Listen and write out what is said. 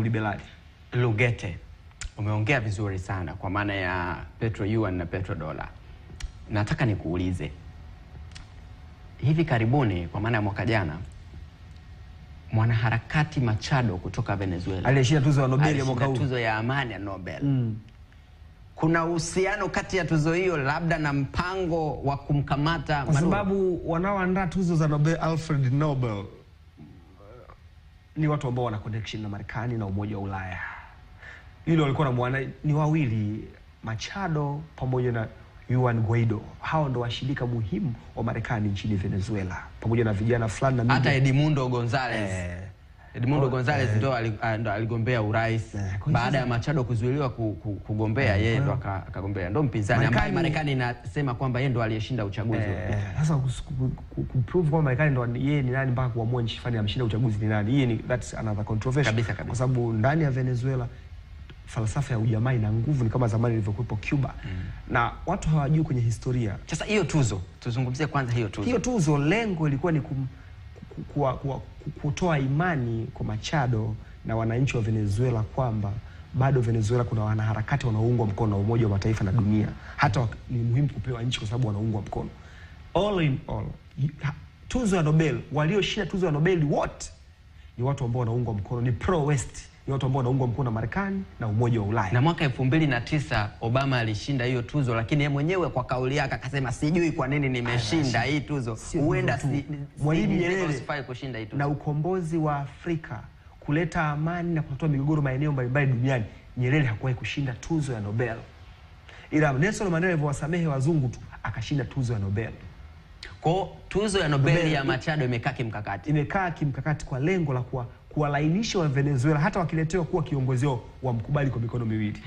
Uliberali Lugete, umeongea vizuri sana kwa maana ya petro yuan na petro dola. Nataka nikuulize, hivi karibuni, kwa maana ya mwaka jana, mwanaharakati Machado kutoka Venezuela alishinda tuzo ya Nobel mwaka huu, tuzo ya amani ya Nobel mm. Kuna uhusiano kati ya tuzo hiyo labda na mpango wa kumkamata, kwa sababu wanaoandaa tuzo za Nobel Alfred Nobel ni watu ambao wana connection na Marekani na Umoja wa Ulaya. Hilo walikuwa na mwana ni wawili Machado pamoja na Juan Guaido. Hao ndo washirika muhimu wa Marekani nchini Venezuela pamoja na vijana fulani na hata Edmundo Gonzalez eh, Edmundo oh, Gonzalez eh. ah, ndo aligombea urais eh, baada ya Machado kuzuiliwa kugombea, eh, yeye ndo akagombea, ndo mpinzani ambaye Marekani inasema kwamba yeye ndo aliyeshinda uchaguzi. Sasa kuprove kwamba Marekani ndo yeye ni nani mpaka kuamua nchi fulani ameshinda uchaguzi ni nani, hii ni that's another controversy kabisa kabisa, kwa sababu ndani ya Venezuela falsafa ya ujamaa ina nguvu, ni kama zamani ilivyokuwepo Cuba mm. na watu hawajui kwenye historia. Sasa hiyo tuzo tuzungumzie kwanza, hiyo tuzo hiyo tuzo, lengo ilikuwa ni kum, ku, kutoa imani kwa Machado na wananchi wa Venezuela kwamba bado Venezuela kuna wanaharakati wanaoungwa mkono na Umoja wa Mataifa na dunia, hata ni muhimu kupewa nchi kwa sababu wanaungwa mkono. All in all, tuzo ya Nobel, walioshinda tuzo ya Nobel wote ni watu ambao wanaungwa mkono, ni pro west ni watu ambao wanaungwa mkono na Marekani na Umoja wa Ulaya. Na mwaka elfu mbili na tisa Obama alishinda hiyo tuzo, lakini yeye mwenyewe kwa kauli yake akasema, sijui kwa nini nimeshinda hii tuzo, huenda si, Mwalimu Nyerere kushinda hii tuzo. Na ukombozi wa Afrika kuleta amani na kutatua migogoro maeneo mbalimbali duniani, Nyerere hakuwahi kushinda tuzo ya Nobel, ila Nelson Mandela alivyowasamehe wazungu tu akashinda tuzo ya Nobel. Kwa tuzo ya Nobel, Nobel ya Machado imekaa kimkakati, imekaa kimkakati kwa lengo la kuwa kuwalainisha wa Venezuela hata wakiletewa kuwa kiongozi wao wamkubali kwa mikono miwili.